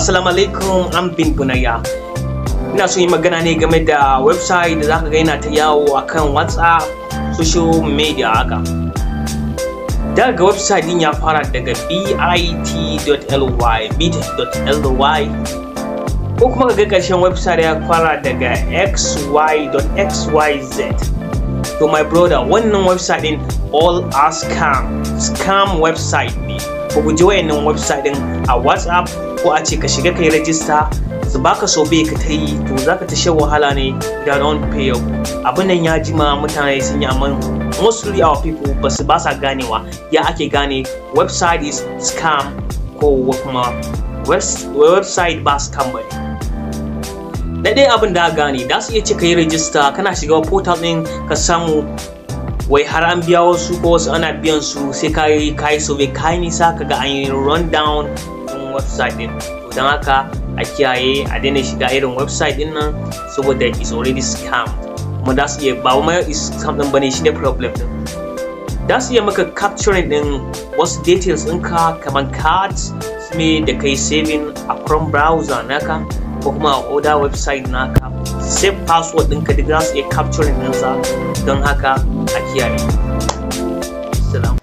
Assalamu alaikum, I'm bin Bunaya. Ina so yi magana ne game da website da zaka ga yana ta yawo a kan WhatsApp, social media haka. Daga ga website din ya fara daga bit.ly, bit.ly ko kuma ga ƙarshen website ya fara daga xy.xyz. to my brother wannan website din all are scam scam website ne ku guji wayannan website din a whatsapp ko a ce ka shiga kai rajista su baka so bai ka ta yi to zaka ta shan wahala ne da non pay abin nan ya jima mutane sun yi amma mostly our people ba su ba sa ganewa ya ake gane website is scam ko kuma website ba scam ne. Na daidai abin da gane da su iya ce ka yi rajista kana shiga portal ɗin ka samu wai har an biya wasu ko wasu ana biyan su sai ka yi ka yi survey ka yi nisa ka ga an yi run down ɗin website ɗin don haka a kiyaye a daina shiga irin website ɗin nan saboda is already scam kuma da su iya ba ma scam ɗin bane shi ne problem ɗin da su iya maka capturing ɗin wasu details ɗinka kamar cards su ne da kai saving a chrome browser naka ko kuma a oda website naka Sef password ɗinka duk za su iya capturing ɗinsa don haka a kiyaye. Salam.